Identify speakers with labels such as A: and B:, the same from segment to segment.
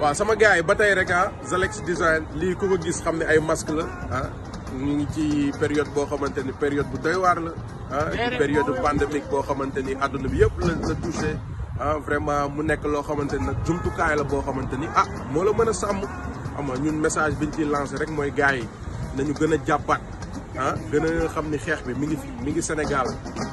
A: waaw sama gars yi ba tey rek ah Zalex design lii ko ko gis xam ne ay masque la ah ngi ci période boo xamante ni période bu doy waar la ah ci période pandémique boo xamante ni àdduna bi yëpp la la ah, vraiment mu nekk loo xamante ni nag jumtukaay la boo xamante ni ah moo la mën a sàmm xam ñun message bi biñ ciy lancé rek mooy gars yi nañu gën a jàppaat ah gën a xam ni xeex bi mi ngi fi mi ngi Sénégal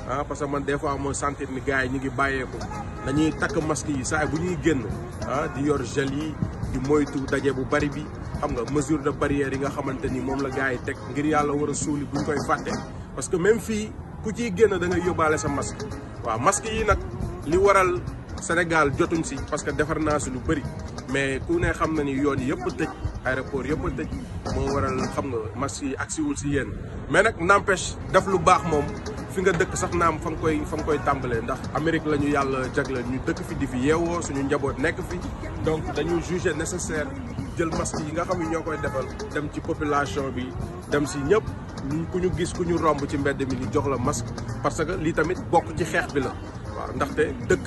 A: ah parce que man des fois mooy sentir ni gars yi ñu ngi bàyyeeku dañuy takk masque yi saa bu ñuy génn ah di yor gel yi di moytu daje bu bari bi xam nga mesure de barrière yi nga xamante ni moom la gars yi teg ngir yàlla war a suuli buñ koy fàtte parce que même fii ku ciy génn da yóbbaale sa masque waaw masque yi nag li waral Sénégal jotuñ si parce que defar naa si lu bëri mais ku ne xam na ni yoon yëpp tëj aéroport yëpp a tëj moo waral xam nga masque yi agsiwul si yéen mais nag n'empêche def lu baax moom fi nga dëkk sax naam fa nga koy fa nga koy tàmbalee ndax Amérique la ñu yàlla la ñu dëkk fi di fi yeewoo suñu njaboot nekk fi donc dañu jugé nécessaire jël masque yi nga xam ne ñoo koy defal dem ci population bi dem si ñëpp ñu ku ñu gis ku ñu romb ci mbedd mi li jox la masque parce que lii tamit bokk ci xeex bi la waaw ndaxte dëkk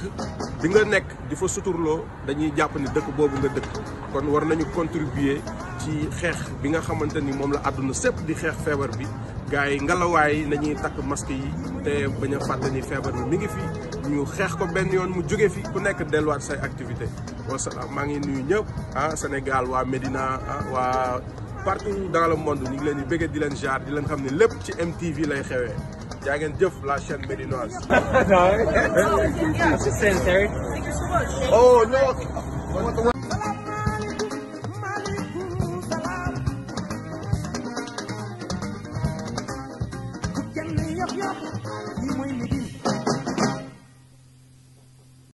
A: di nga nekk di fa suturloo dañuy jàpp ni dëkk boobu nga dëkk kon war nañu contribuer ci xeex bi nga xamante ni moom la àdduna sépp di xeex feebar bi gars yi ngalawaay nañuy takk masque yi te bañ a fàtte ni feebar bi mi ngi fi ñu xeex ko benn yoon mu jóge fi ku nekk delluwaat say activité wasalaam maa ngi nuyu ñëpp ah Sénégal waa Médina ah waa partout dans le monde ñu ngi leen di bëggee di leen jaar di leen xam ne lépp ci MTV lay xewee jaa ngeen jëf la chaîne médinoise. oh no. lii mooy liggéey